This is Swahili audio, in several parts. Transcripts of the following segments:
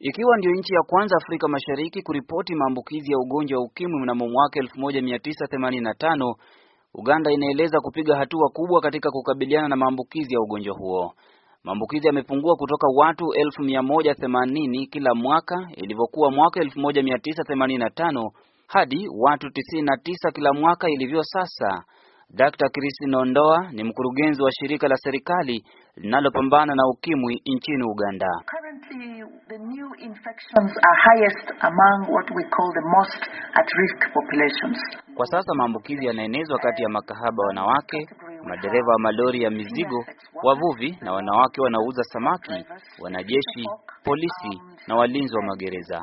Ikiwa ndiyo nchi ya kwanza Afrika Mashariki kuripoti maambukizi ya ugonjwa wa ukimwi mnamo mwaka 1985, Uganda inaeleza kupiga hatua kubwa katika kukabiliana na maambukizi ya ugonjwa huo. Maambukizi yamepungua kutoka watu 1180 kila mwaka ilivyokuwa mwaka 1985 hadi watu 99 kila mwaka ilivyo sasa. Dr. Christine nondoa ni mkurugenzi wa shirika la serikali linalopambana na ukimwi nchini Uganda. Currently The new infections are highest among what we call the most at risk populations. Kwa sasa maambukizi yanaenezwa kati ya makahaba wanawake, madereva wa malori ya mizigo, wavuvi na wanawake wanaouza samaki, wanajeshi, polisi na walinzi wa magereza.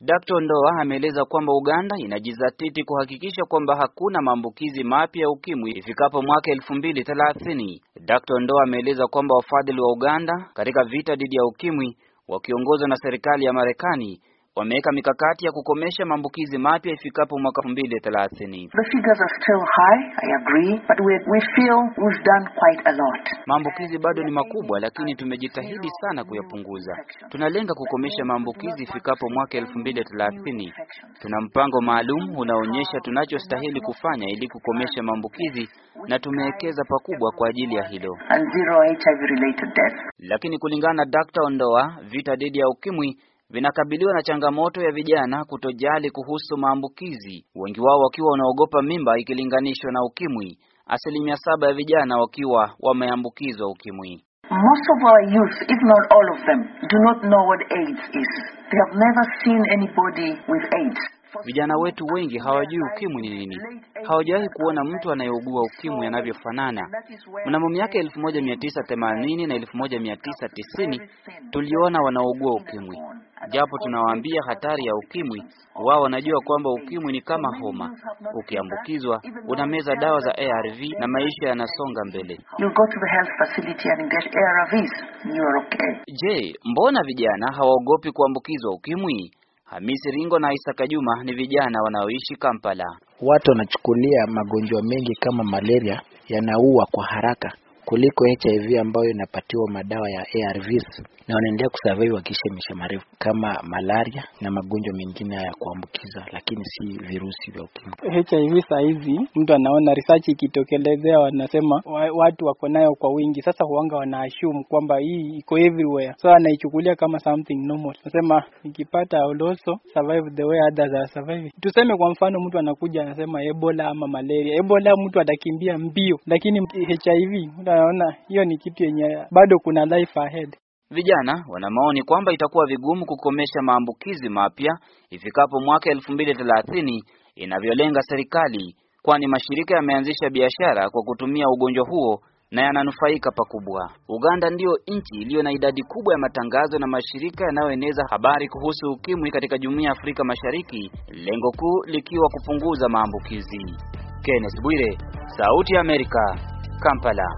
Dkt. Ndoa ameeleza kwamba Uganda inajizatiti kuhakikisha kwamba hakuna maambukizi mapya ya ukimwi ifikapo mwaka 2030. Dkt. Ndoa ameeleza kwamba wafadhili wa Uganda katika vita dhidi ya ukimwi wakiongozwa na serikali ya Marekani wameweka mikakati ya kukomesha maambukizi mapya ifikapo mwaka 2030. The figures are still high, I agree, but we, we feel we've done quite a lot. Maambukizi bado ni makubwa lakini tumejitahidi sana kuyapunguza. Tunalenga kukomesha maambukizi ifikapo mwaka 2030. Tuna mpango maalum unaonyesha tunachostahili kufanya ili kukomesha maambukizi na tumewekeza pakubwa kwa ajili ya hilo. And zero HIV related death. Lakini kulingana na Dr. Ondoa, vita dhidi ya ukimwi vinakabiliwa na changamoto ya vijana kutojali kuhusu maambukizi, wengi wao wakiwa wanaogopa mimba ikilinganishwa na ukimwi, asilimia saba ya vijana wakiwa wameambukizwa ukimwi. Most of our youth, if not all of them, do not know what AIDS is. They have never seen anybody with AIDS. Vijana wetu wengi hawajui ukimwi ni nini, hawajawahi kuona mtu anayeugua ukimwi anavyofanana. Mnamo miaka 1980 na 1990 tuliona wanaougua ukimwi Japo tunawaambia hatari ya ukimwi, wao wanajua kwamba ukimwi ni kama homa, ukiambukizwa unameza dawa za ARV na maisha yanasonga mbele. Je, mbona vijana hawaogopi kuambukizwa ukimwi? Hamisi Ringo na Isaka Juma ni vijana wanaoishi Kampala. Watu wanachukulia magonjwa mengi kama malaria yanaua kwa haraka kuliko HIV ambayo inapatiwa madawa ya ARVs na wanaendelea kusurvive wakiishi maisha marefu kama malaria na magonjwa mengine ya kuambukiza, lakini si virusi vya ukimwi. HIV saa hizi mtu anaona research ikitokelezea, wanasema watu wako nayo kwa wingi. Sasa huanga wanaashumu kwamba hii iko everywhere, so anaichukulia kama something normal. Nasema nikipata uloso survive the way others are surviving. Tuseme kwa mfano mtu anakuja anasema Ebola ama malaria. Ebola mtu atakimbia mbio, lakini HIV mtu naona hiyo ni kitu yenye bado kuna life ahead. Vijana wana maoni kwamba itakuwa vigumu kukomesha maambukizi mapya ifikapo mwaka 2030 inavyolenga serikali, kwani mashirika yameanzisha biashara kwa kutumia ugonjwa huo na yananufaika pakubwa. Uganda ndiyo nchi iliyo na idadi kubwa ya matangazo na mashirika yanayoeneza habari kuhusu ukimwi katika Jumuiya ya Afrika Mashariki, lengo kuu likiwa kupunguza maambukizi. Kenneth Bwire, Sauti ya Amerika, Kampala.